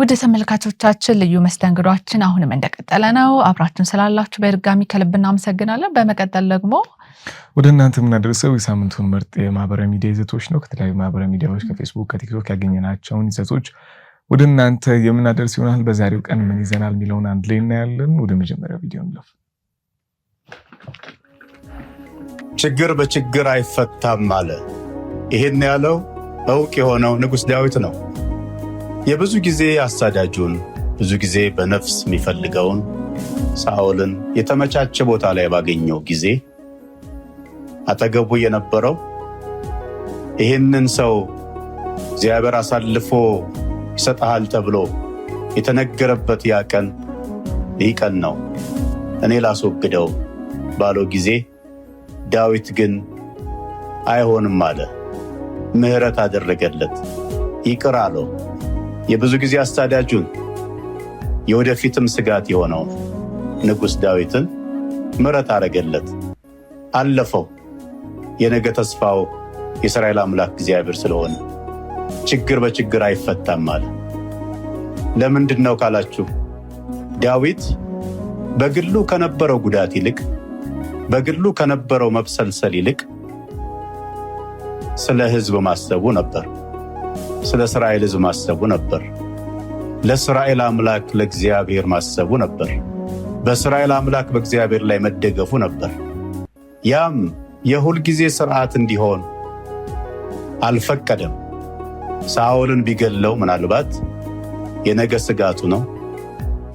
ውድ ተመልካቾቻችን ልዩ መስተንግዷችን አሁንም እንደቀጠለ ነው። አብራችን ስላላችሁ በድጋሚ ከልብ እናመሰግናለን። በመቀጠል ደግሞ ወደ እናንተ የምናደርሰው የሳምንቱን ምርጥ የማህበራዊ ሚዲያ ይዘቶች ነው። ከተለያዩ ማህበራዊ ሚዲያዎች ከፌስቡክ፣ ከቲክቶክ ያገኘናቸውን ይዘቶች ወደ እናንተ የምናደርስ ይሆናል። በዛሬው ቀን ምን ይዘናል የሚለውን አንድ ላይ እናያለን። ወደ መጀመሪያ ቪዲዮ እንለፍ። ችግር በችግር አይፈታም አለ። ይህን ያለው እውቅ የሆነው ንጉሥ ዳዊት ነው። የብዙ ጊዜ አሳዳጁን ብዙ ጊዜ በነፍስ የሚፈልገውን ሳኦልን የተመቻቸ ቦታ ላይ ባገኘው ጊዜ አጠገቡ የነበረው ይህንን ሰው እግዚአብሔር አሳልፎ ይሰጠሃል ተብሎ የተነገረበት ያ ቀን ይህ ቀን ነው፣ እኔ ላስወግደው ባለው ጊዜ ዳዊት ግን አይሆንም አለ። ምሕረት አደረገለት፣ ይቅር አለው። የብዙ ጊዜ አሳዳጁን የወደፊትም ስጋት የሆነውን ንጉሥ ዳዊትን ምረት አረገለት፣ አለፈው። የነገ ተስፋው የእስራኤል አምላክ እግዚአብሔር ስለሆነ ችግር በችግር አይፈታም አለ። ለምንድን ነው ካላችሁ ዳዊት በግሉ ከነበረው ጉዳት ይልቅ በግሉ ከነበረው መብሰልሰል ይልቅ ስለ ሕዝብ ማሰቡ ነበር። ስለ እስራኤል ሕዝብ ማሰቡ ነበር። ለእስራኤል አምላክ ለእግዚአብሔር ማሰቡ ነበር። በእስራኤል አምላክ በእግዚአብሔር ላይ መደገፉ ነበር። ያም የሁልጊዜ ሥርዓት እንዲሆን አልፈቀደም። ሳኦልን ቢገለው ምናልባት የነገ ስጋቱ ነው፣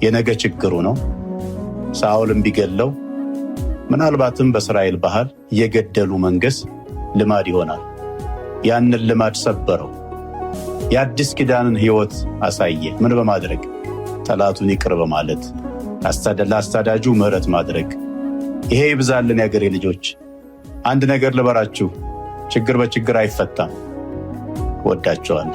የነገ ችግሩ ነው። ሳኦልን ቢገለው ምናልባትም በእስራኤል ባህል የገደሉ መንገስ ልማድ ይሆናል። ያንን ልማድ ሰበረው። የአዲስ ኪዳንን ህይወት አሳየ። ምን በማድረግ ጠላቱን ይቅር በማለት ለአሳዳጁ ምሕረት ማድረግ። ይሄ ይብዛልን የአገሬ ልጆች። አንድ ነገር ልበራችሁ፣ ችግር በችግር አይፈታም። ወዳቸዋል።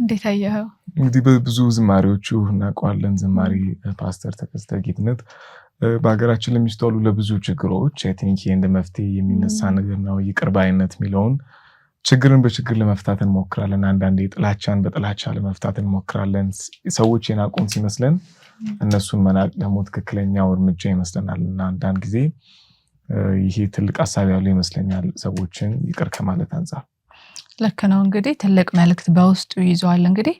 እንዴት አየኸው? እንግዲህ ብዙ ዝማሬዎቹ እናውቀዋለን። ዝማሪ ፓስተር ተከስተ ጌትነት በሀገራችን ለሚስተዋሉ ለብዙ ችግሮች አይ ቲንክ እንደ መፍትሄ የሚነሳ ነገር ነው። ይቅር ባይነት የሚለውን ችግርን በችግር ለመፍታት እንሞክራለን። አንዳንዴ ጥላቻን በጥላቻ ለመፍታት እንሞክራለን። ሰዎች የናቁን ሲመስለን እነሱን መናቅ ደግሞ ትክክለኛው እርምጃ ይመስለናል እና አንዳንድ ጊዜ ይሄ ትልቅ አሳቢ ያሉ ይመስለኛል ሰዎችን ይቅር ከማለት አንጻር ልክ ነው። እንግዲህ ትልቅ መልእክት በውስጡ ይዘዋል። እንግዲህ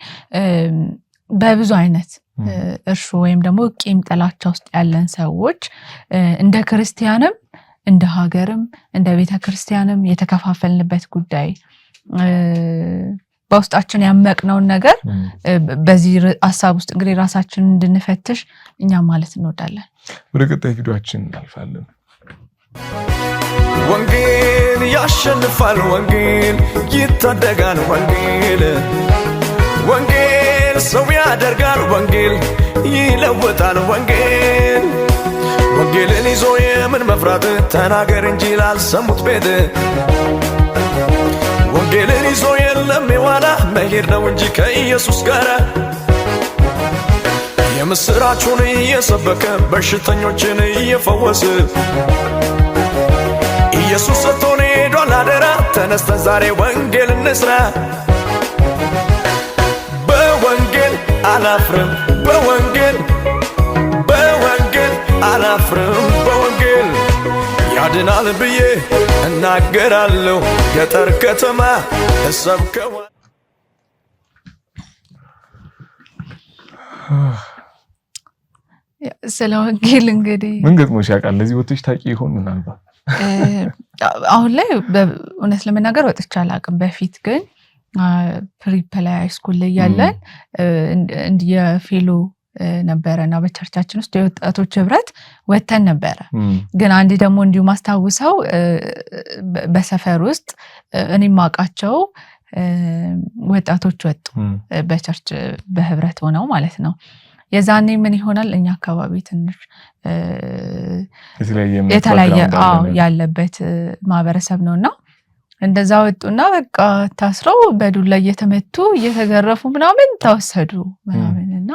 በብዙ አይነት እርሾ ወይም ደግሞ ቂም ጥላቻ ውስጥ ያለን ሰዎች እንደ ክርስቲያንም እንደ ሀገርም እንደ ቤተ ክርስቲያንም የተከፋፈልንበት ጉዳይ በውስጣችን ያመቅነውን ነገር በዚህ ሀሳብ ውስጥ እንግዲህ ራሳችንን እንድንፈትሽ እኛ ማለት እንወዳለን። ወደ ቀጣይ ቪዲዮችን እናልፋለን። ወንጌል ያሸንፋል፣ ወንጌል ይታደጋል፣ ወንጌል ወንጌል ሰው ያደርጋል ወንጌል ይለውጣል ወንጌል ወንጌልን ይዞ የምን መፍራት ተናገር እንጂ ላልሰሙት ቤት ወንጌልን ይዞ የለም የዋላ መሄድ ነው እንጂ ከኢየሱስ ጋር የምስራችሁን እየሰበከ በሽተኞችን እየፈወስ ኢየሱስ ሰጥቶን ሄዷል አደራ ተነስተን ዛሬ ወንጌል እንስራ አላፍርም በወንጌል በወንጌል አላፍርም በወንጌል ያድናል ብዬ እናገራለሁ ገጠር ከተማ እሰብከዋ ስለ ወንጌል እንግዲህ ምን ገጥሞሽ ያውቃል? ለዚህ ወጥቶች ታቂ ይሆን ምናልባት አሁን ላይ እውነት ለመናገር ወጥቼ አላውቅም። በፊት ግን ፕሪፕላይ ስኩል ላይ ያለን የፌሎ ነበረ እና በቸርቻችን ውስጥ የወጣቶች ህብረት ወተን ነበረ። ግን አንድ ደግሞ እንዲሁ ማስታውሰው በሰፈር ውስጥ እኔ ማውቃቸው ወጣቶች ወጡ በቸርች በህብረት ሆነው ማለት ነው። የዛኔ ምን ይሆናል እኛ አካባቢ ትንሽ የተለያየ ያለበት ማህበረሰብ ነው እና እንደዛ ወጡና በቃ ታስረው በዱላ እየተመቱ እየተገረፉ ምናምን ተወሰዱ ምናምን እና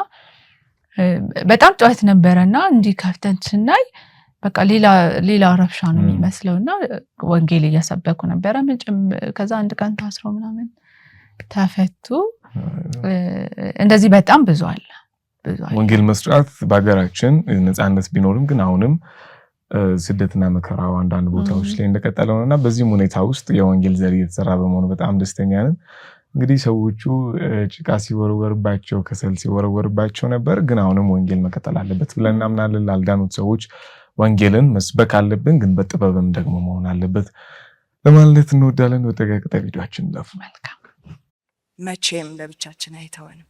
በጣም ጨዋት ነበረ እና እንዲህ ከፍተን ስናይ በቃ ሌላ ረብሻ ነው የሚመስለው እና ወንጌል እያሰበኩ ነበረ። ከዛ አንድ ቀን ታስረው ምናምን ተፈቱ። እንደዚህ በጣም ብዙ አለ። ወንጌል መስጫት በሀገራችን ነፃነት ቢኖርም ግን አሁንም ስደትና መከራው አንዳንድ ቦታዎች ላይ እንደቀጠለ ነው እና በዚህም ሁኔታ ውስጥ የወንጌል ዘር እየተሰራ በመሆኑ በጣም ደስተኛ ነን። እንግዲህ ሰዎቹ ጭቃ ሲወረወርባቸው፣ ከሰል ሲወረወርባቸው ነበር፣ ግን አሁንም ወንጌል መቀጠል አለበት ብለን እናምናለን። ላልዳኑት ሰዎች ወንጌልን መስበክ አለብን፣ ግን በጥበብም ደግሞ መሆን አለበት ለማለት እንወዳለን። ወደ ቀጣይ ቪዲዮችን ለፍ መቼም ለብቻችን አይተወንም።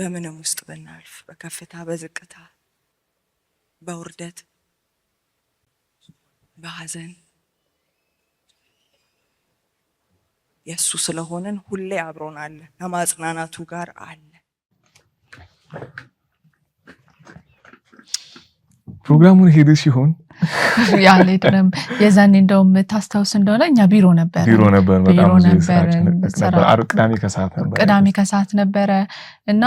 በምንም ውስጥ ብናልፍ በከፍታ በዝቅታ በውርደት በሐዘን የእሱ ስለሆንን ሁሌ አብሮን አለ። ከማጽናናቱ ጋር አለ። ፕሮግራሙን ሄደ ሲሆን ያኔ ደም የዛኔ እንደውም ታስታውስ እንደሆነ እኛ ቢሮ ነበር ቢሮ ነበር ቢሮ ነበር ቅዳሜ ከሰዓት ነበር ቅዳሜ ከሰዓት ነበረ እና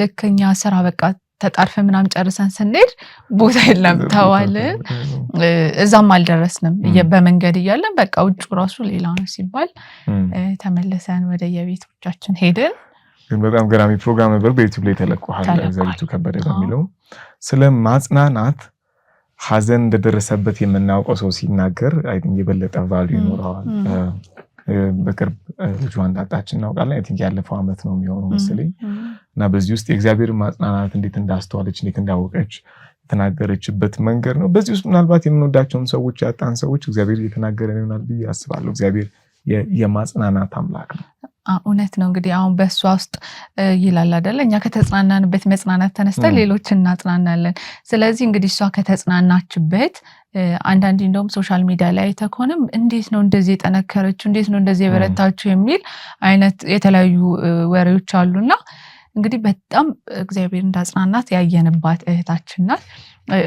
ልክ እኛ ስራ በቃ ተጣርፈ ምናምን ጨርሰን ስንሄድ ቦታ የለም ተዋል። እዛም አልደረስንም። በመንገድ እያለን በቃ ውጭ ራሱ ሌላ ነው ሲባል ተመልሰን ወደ የቤቶቻችን ሄድን። ግን በጣም ገራሚ ፕሮግራም ነበር። በዩቲዩብ ላይ ተለቋል። ዘሪቱ ከበደ በሚለው ስለ ማጽናናት ሀዘን እንደደረሰበት የምናውቀው ሰው ሲናገር የበለጠ ቫሉ ይኖረዋል። በቅርብ ልጇ እንዳጣች እናውቃለን። ቲንክ ያለፈው ዓመት ነው የሚሆነው መሰለኝ እና በዚህ ውስጥ የእግዚአብሔር ማጽናናት እንዴት እንዳስተዋለች እንዴት እንዳወቀች የተናገረችበት መንገድ ነው። በዚህ ውስጥ ምናልባት የምንወዳቸውን ሰዎች ያጣን ሰዎች እግዚአብሔር እየተናገረን ይሆናል ብዬ አስባለሁ። እግዚአብሔር የማጽናናት አምላክ ነው። እውነት ነው እንግዲህ አሁን በእሷ ውስጥ ይላል አደለ፣ እኛ ከተጽናናንበት መጽናናት ተነስተን ሌሎች እናጽናናለን። ስለዚህ እንግዲህ እሷ ከተጽናናችበት አንዳንዴ እንደውም ሶሻል ሚዲያ ላይ ተኮንም እንዴት ነው እንደዚህ የጠነከረችው፣ እንዴት ነው እንደዚህ የበረታችው የሚል አይነት የተለያዩ ወሬዎች አሉና እንግዲህ በጣም እግዚአብሔር እንዳጽናናት ያየንባት እህታችን ናት።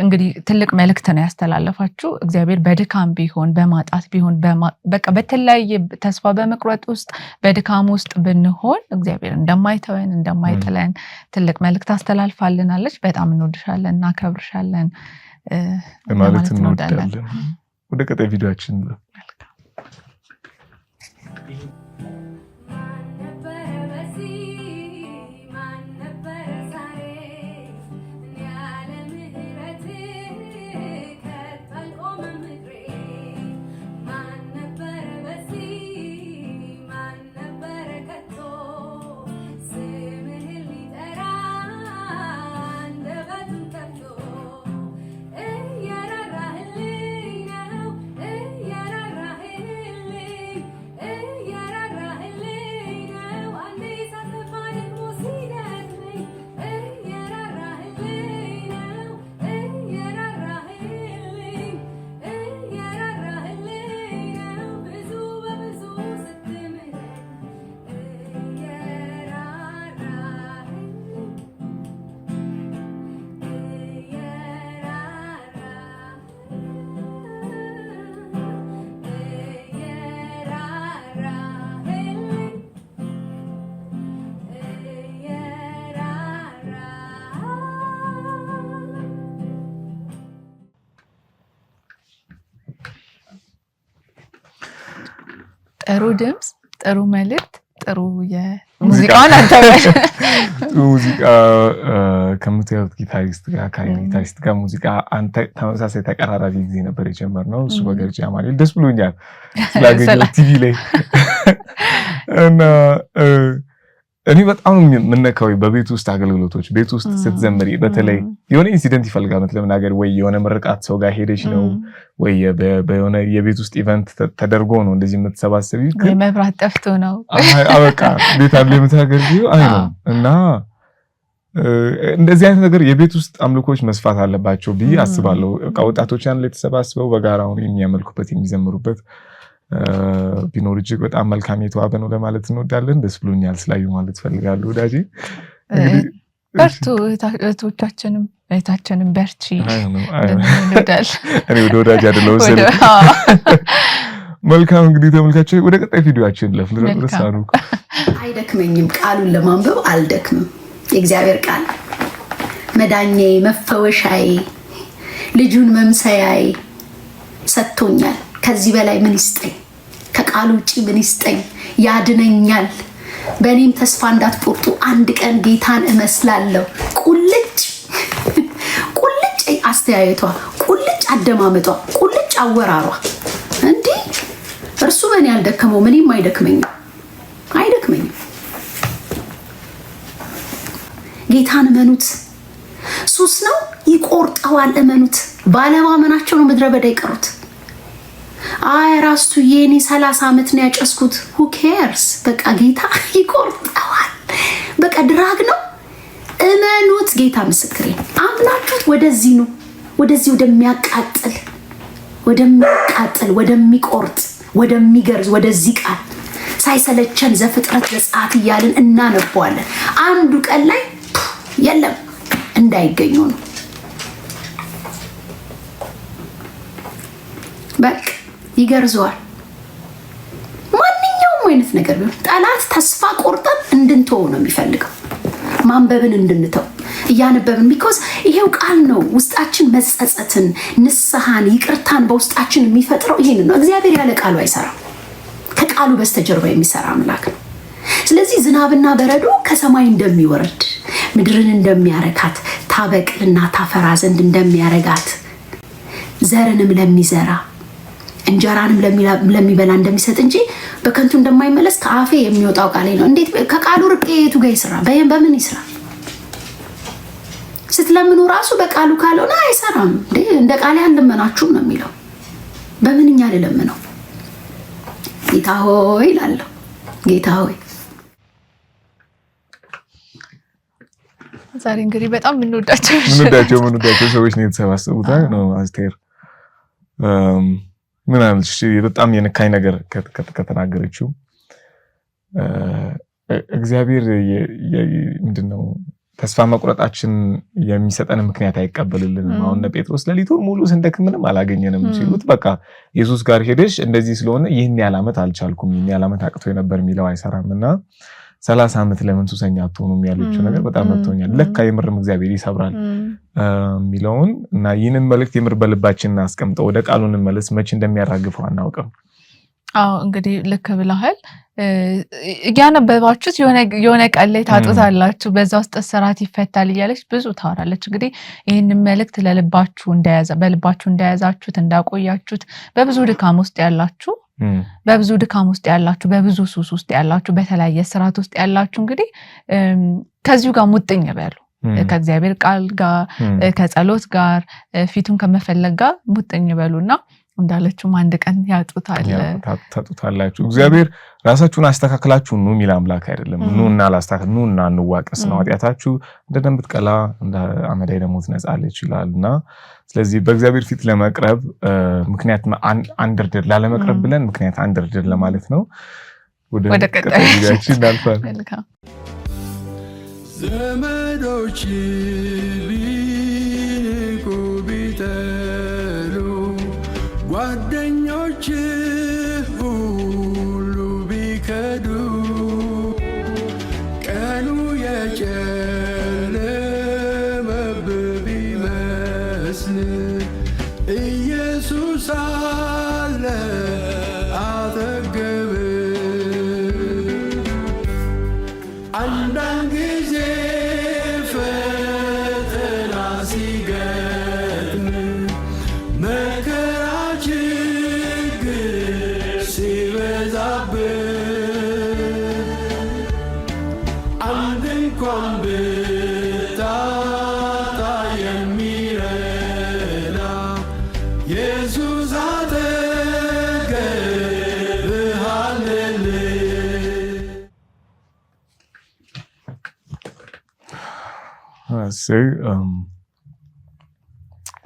እንግዲህ ትልቅ መልእክት ነው ያስተላለፋችሁ። እግዚአብሔር በድካም ቢሆን በማጣት ቢሆን በቃ በተለያየ ተስፋ በመቁረጥ ውስጥ በድካም ውስጥ ብንሆን እግዚአብሔር እንደማይተወን እንደማይጥለን ትልቅ መልእክት አስተላልፋልናለች። በጣም እንወድሻለን፣ እናከብርሻለን ማለት እንወዳለን። ወደ ቀጣይ ቪዲዮችን ጥሩ ድምፅ፣ ጥሩ መልእክት፣ ጥሩ የሙዚቃውን አንተበል ጥሩ ሙዚቃ ከምትገቡት ጊታሪስት ጋር ጊታሪስት ጋር ሙዚቃ ተመሳሳይ ተቀራራቢ ጊዜ ነበር የጀመርነው። እሱ በገርጂ አማኑኤል ደስ ብሎኛል ስላገኘሁት ቲቪ ላይ እና እኔ በጣም የምነካው በቤት ውስጥ አገልግሎቶች ቤት ውስጥ ስትዘምሪ በተለይ የሆነ ኢንሲደንት ይፈልጋል ለምናገር ወይ የሆነ ምርቃት ሰው ጋር ሄደች ነው ወይ በሆነ የቤት ውስጥ ኢቨንት ተደርጎ ነው እንደዚህ የምትሰባሰቢ መብራት ጠፍቶ ነው አበቃ ቤት አለ የምትናገር አይ ነው እና እንደዚህ አይነት ነገር የቤት ውስጥ አምልኮች መስፋት አለባቸው ብዬ አስባለሁ። ወጣቶች አንድ ላይ ተሰባስበው በጋራ የሚያመልኩበት የሚዘምሩበት ቢኖር እጅግ በጣም መልካም የተዋበ ነው ለማለት እንወዳለን። ደስ ብሎኛል ስላዩ ማለት ፈልጋሉ። ወዳጄ በርቱ፣ እህቶቻችንም እህታችንም በርቺ እኔ ወደ ወዳጅ አደለው ስል መልካም እንግዲህ ተመልካቸው ወደ ቀጣይ ቪዲዮችን ለፍልረሳኑ አይደክመኝም፣ ቃሉን ለማንበብ አልደክምም። የእግዚአብሔር ቃል መዳኛዬ፣ መፈወሻዬ፣ ልጁን መምሰያዬ ሰጥቶኛል። ከዚህ በላይ ምን ይስጠኝ? ከቃል ውጭ ምን ይስጠኝ? ያድነኛል። በእኔም ተስፋ እንዳትቆርጡ። አንድ ቀን ጌታን እመስላለሁ። ቁልጭ ቁልጭ አስተያየቷ፣ ቁልጭ አደማመጧ፣ ቁልጭ አወራሯ። እንዲህ እርሱ በእኔ ያልደከመው ምንም አይደክመኝም፣ አይደክመኝም። ጌታን እመኑት። ሱስ ነው፣ ይቆርጠዋል። እመኑት። ባለማመናቸው ነው ምድረ በዳ የቀሩት። አይ ራሱ የኔ ሰላሳ ዓመት ነው ያጨስኩት። ሁኬርስ በቃ ጌታ ይቆርጠዋል። በቃ ድራግ ነው እመኑት። ጌታ ምስክሬ አምናችሁት ወደዚህ ነው ወደዚህ ወደሚያቃጥል ወደሚቃጥል ወደሚቆርጥ ወደሚገርዝ ወደዚህ ቃል ሳይሰለቸን ዘፍጥረት ዘጸአት እያልን እናነበዋለን። አንዱ ቀን ላይ የለም እንዳይገኙ ነው በቃ ይገርዘዋል። ማንኛውም አይነት ነገር ቢሆን ጠላት ተስፋ ቆርጠን እንድንተው ነው የሚፈልገው፣ ማንበብን እንድንተው እያነበብን ቢኮዝ ይሄው ቃል ነው። ውስጣችን መጸጸትን፣ ንስሐን፣ ይቅርታን በውስጣችን የሚፈጥረው ይህን ነው። እግዚአብሔር ያለ ቃሉ አይሰራም። ከቃሉ በስተጀርባ የሚሰራ አምላክ ነው። ስለዚህ ዝናብና በረዶ ከሰማይ እንደሚወርድ ምድርን እንደሚያረካት ታበቅልና ታፈራ ዘንድ እንደሚያረጋት ዘርንም ለሚዘራ እንጀራንም ለሚበላ እንደሚሰጥ እንጂ በከንቱ እንደማይመለስ ከአፌ የሚወጣው ቃሌ ነው። እንዴት ከቃሉ ርቄ የቱ ጋር ይስራ? በምን ይስራ? ስትለምኑ ራሱ በቃሉ ካልሆነ አይሰራም። እንደ ቃሌ አልለመናችሁም ነው የሚለው። በምንኛ ልለምነው? ጌታ ሆይ እላለሁ። ጌታ ሆይ ዛሬ እንግዲህ በጣም የምንወዳቸው የምንወዳቸው ሰዎች ነው የተሰባሰቡት ነው አስቴር ምናምን በጣም የነካኝ ነገር ከተናገረችው እግዚአብሔር ምንድነው ተስፋ መቁረጣችን የሚሰጠን ምክንያት አይቀበልልንም። አሁን እነ ጴጥሮስ ሌሊቱን ሙሉ ስንደክ ምንም አላገኘንም ሲሉት በቃ ኢየሱስ ጋር ሄደሽ እንደዚህ ስለሆነ ይህን ያህል ዓመት አልቻልኩም፣ ይህን ያህል ዓመት አቅቶ ነበር የሚለው አይሰራም እና ሰላሳ ዓመት ለምን ሱሰኛ አትሆኑም ያለችው ነገር በጣም መጥቶኛል። ለካ የምርም እግዚአብሔር ይሰብራል የሚለውን እና ይህንን መልእክት የምር በልባችን እናስቀምጠው። ወደ ቃሉ እንመለስ። መቼ እንደሚያራግፈው አናውቅም። አዎ እንግዲህ ልክ ብለሃል። እያነበባችሁት የሆነ ቀን ላይ ታጡታላችሁ። በዛ ውስጥ እስራት ይፈታል እያለች ብዙ ታወራለች። እንግዲህ ይህን መልእክት ለልባችሁ በልባችሁ እንደያዛችሁት እንዳቆያችሁት በብዙ ድካም ውስጥ ያላችሁ በብዙ ድካም ውስጥ ያላችሁ፣ በብዙ ሱስ ውስጥ ያላችሁ፣ በተለያየ ስርዓት ውስጥ ያላችሁ እንግዲህ ከዚሁ ጋር ሙጥኝ በሉ። ከእግዚአብሔር ቃል ጋር ከጸሎት ጋር ፊቱን ከመፈለግ ጋር ሙጥኝ እና እንዳለችውም አንድ ቀን ያጡታላችሁ። እግዚአብሔር ራሳችሁን አስተካክላችሁ ኑ የሚል አምላክ አይደለም። ኑ እና ላስተካክል፣ ኑ እና እንዋቀስ ነው። ኃጢአታችሁ እንደ ደም ብትቀላ እንደ አመዳይ ደግሞ ትነጻለች ይላል እና ስለዚህ በእግዚአብሔር ፊት ለመቅረብ ምክንያት አንድርድር ላለመቅረብ ብለን ምክንያት አንድርድር ለማለት ነው። ወደ ቀጣይ እናልፋለን። ዘመዶች ሳለ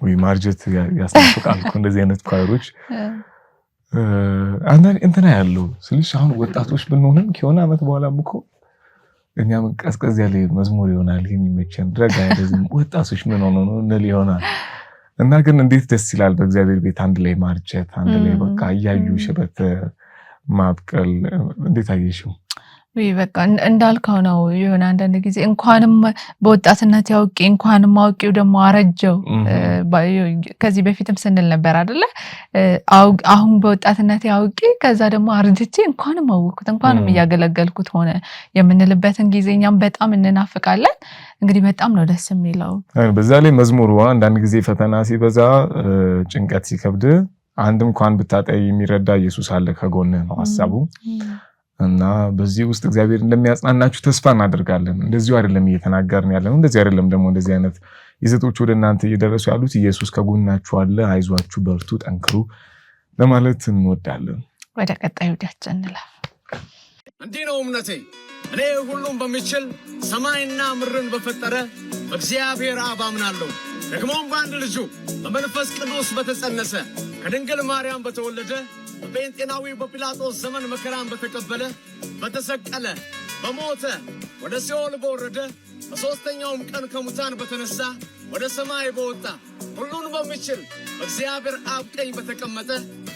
ወይ ማርጀት ያስናፍቃል እኮ እንደዚህ አይነት ኳይሮች አንዳንድ እንትና ያለው ስልሽ አሁን ወጣቶች ብንሆንም ከሆነ ዓመት በኋላ እኮ እኛም ቀዝቀዝ ያለ መዝሙር ይሆናል የሚመቸን ረጋ ያለዝም ወጣቶች ምን ሆኖ ነው እንል ይሆናል እና ግን እንዴት ደስ ይላል በእግዚአብሔር ቤት አንድ ላይ ማርጀት አንድ ላይ በቃ እያዩ ሽበት ማብቀል እንዴት አየሽው ውይ በቃ እንዳልከው ነው። የሆነ አንዳንድ ጊዜ እንኳንም በወጣትነት ያውቄ እንኳንም አውቄው ደግሞ አረጀው። ከዚህ በፊትም ስንል ነበር አደለ? አሁን በወጣትነት ያውቄ ከዛ ደግሞ አርጅቼ እንኳንም አወቅኩት እንኳንም እያገለገልኩት ሆነ የምንልበትን ጊዜ እኛም በጣም እንናፍቃለን። እንግዲህ በጣም ነው ደስ የሚለው። በዛ ላይ መዝሙሩ አንዳንድ ጊዜ ፈተና ሲበዛ፣ ጭንቀት ሲከብድ አንድ እንኳን ብታጠይ የሚረዳ ኢየሱስ አለ ከጎንህ ነው ሀሳቡ እና በዚህ ውስጥ እግዚአብሔር እንደሚያጽናናችሁ ተስፋ እናደርጋለን። እንደዚሁ አይደለም እየተናገርን ያለ ነው። እንደዚህ አይደለም ደግሞ እንደዚህ አይነት ይዘቶች ወደ እናንተ እየደረሱ ያሉት። ኢየሱስ ከጎናችሁ አለ። አይዟችሁ፣ በርቱ፣ ጠንክሩ ለማለት እንወዳለን። ወደ ቀጣዩ ዳችን እንዲህ ነው እምነቴ። እኔ ሁሉም በሚችል ሰማይና ምድርን በፈጠረ እግዚአብሔር አብ አምናለሁ። ደግሞም በአንድ ልጁ በመንፈስ ቅዱስ በተጸነሰ ከድንግል ማርያም በተወለደ በጴንጤናዊ በጲላጦስ ዘመን መከራን በተቀበለ በተሰቀለ በሞተ ወደ ሲኦል በወረደ በሦስተኛውም ቀን ከሙታን በተነሳ ወደ ሰማይ በወጣ ሁሉን በሚችል በእግዚአብሔር አብ ቀኝ በተቀመጠ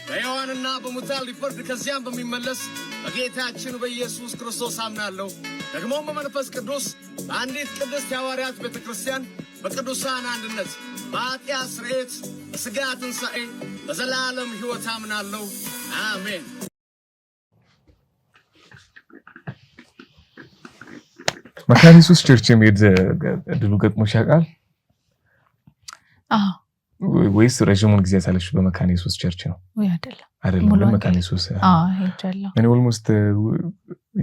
በሕያዋንና በሙታን ሊፈርድ ከዚያም በሚመለስ በጌታችን በኢየሱስ ክርስቶስ አምናለሁ። ደግሞ በመንፈስ ቅዱስ በአንዲት ቅድስት የሐዋርያት ቤተ ክርስቲያን በቅዱሳን አንድነት በአጢያ ስርየት በሥጋ ትንሣኤ በዘላለም ሕይወት አምናለሁ። አሜን። መካኒሱስ ቸርች የሚሄድ እድሉ ገጥሞሽ ያውቃል? ወይስ ረዥሙን ጊዜ ያሳለች በመካነ ኢየሱስ ቸርች ነው? አይደለም መካነ ኢየሱስ እኔ ኦልሞስት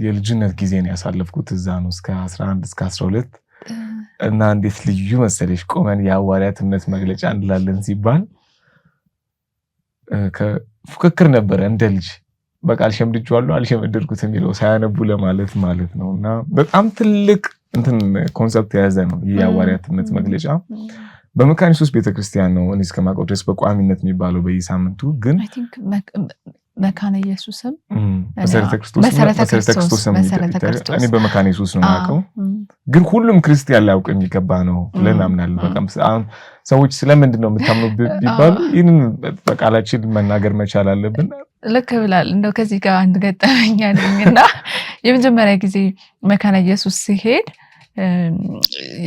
የልጅነት ጊዜን ያሳለፍኩት እዛ ነው እስከ 11 እስከ 12 እና እንዴት ልዩ መሰለሽ ቆመን የሐዋርያት እምነት መግለጫ እንላለን ሲባል ፉክክር ነበረ እንደ ልጅ በቃ አልሸምድጄዋለሁ አልሸመደድኩት የሚለው ሳያነቡ ለማለት ማለት ነው። እና በጣም ትልቅ እንትን ኮንሰፕት የያዘ ነው ይህ የሐዋርያት እምነት መግለጫ በመካኒስቶስ ቤተክርስቲያን ነው እኔ እስከማውቀው ድረስ በቋሚነት የሚባለው በየሳምንቱ ግን መካነ ኢየሱስም መሰረተ ክርስቶስም እኔ በመካነ ኢየሱስ ነው የማውቀው። ግን ሁሉም ክርስቲያን ላያውቅ የሚገባ ነው ብለን እናምናለን። በጣም አሁን ሰዎች ስለምንድን ነው የምታምኑ ቢባሉ ይህንን በቃላችን መናገር መቻል አለብን። ልክ ብላል። እንደው ከዚህ ጋር አንድ ገጠመኝ አለኝ እና የመጀመሪያ ጊዜ መካነ ኢየሱስ ሲሄድ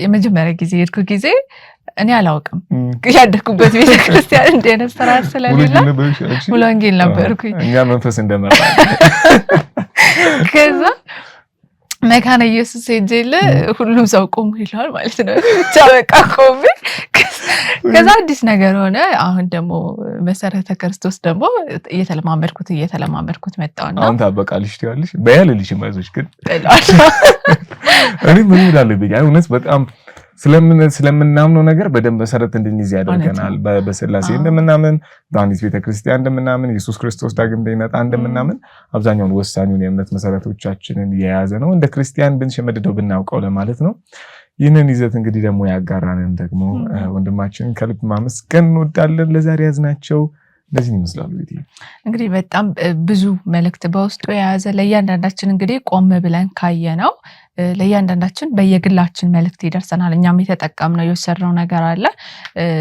የመጀመሪያ ጊዜ የሄድኩ ጊዜ እኔ አላውቅም። ያደኩበት ቤተክርስቲያን እንዲህ ዓይነት ስርዓት ስለሌለ ሙሉ ወንጌል ነበርኩኝ። እኛም መንፈስ እንደመራ ከዛ መካነ ኢየሱስ ሄጄለ ሁሉም ሰው ቆሙ ይለዋል ማለት ነው። ብቻ በቃ ቆሚ። ከዛ አዲስ ነገር ሆነ። አሁን ደግሞ መሰረተ ክርስቶስ ደግሞ እየተለማመድኩት እየተለማመድኩት መጣውና አሁን ታበቃልሽ ትያለሽ በያልልሽ ማይዞች ግን እኔ ምን እላለብኝ እውነት በጣም ስለምናምነው ነገር በደንብ መሰረት እንድንይዝ ያደርገናል። በስላሴ እንደምናምን፣ በአንዲት ቤተክርስቲያን እንደምናምን፣ ኢየሱስ ክርስቶስ ዳግም እንደሚመጣ እንደምናምን አብዛኛውን ወሳኙን የእምነት መሰረቶቻችንን የያዘ ነው። እንደ ክርስቲያን ብንሸመድደው ብናውቀው ለማለት ነው። ይህንን ይዘት እንግዲህ ደግሞ ያጋራንን ደግሞ ወንድማችን ከልብ ማመስገን እንወዳለን። ለዛሬ ያዝናቸው እንደዚህ ይመስላሉ። እንግዲህ በጣም ብዙ መልእክት በውስጡ የያዘ ለእያንዳንዳችን እንግዲህ ቆም ብለን ካየ ነው ለእያንዳንዳችን በየግላችን መልእክት ይደርሰናል። እኛም የተጠቀምነው የወሰድነው ነገር አለ።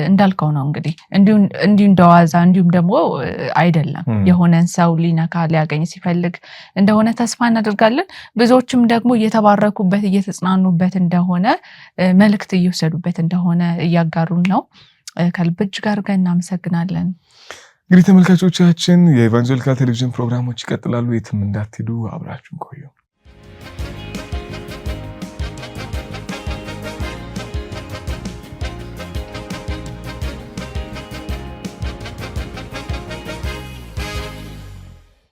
እንዳልከው ነው እንግዲህ እንዲሁ እንደዋዛ እንዲሁም ደግሞ አይደለም። የሆነን ሰው ሊነካ ሊያገኝ ሲፈልግ እንደሆነ ተስፋ እናደርጋለን። ብዙዎችም ደግሞ እየተባረኩበት እየተጽናኑበት እንደሆነ መልእክት እየወሰዱበት እንደሆነ እያጋሩን ነው። ከልብ ጋር አድርገን እናመሰግናለን። እንግዲህ ተመልካቾቻችን የኢቫንጀሊካል ቴሌቪዥን ፕሮግራሞች ይቀጥላሉ። የትም እንዳትሄዱ፣ አብራችሁን ቆዩ።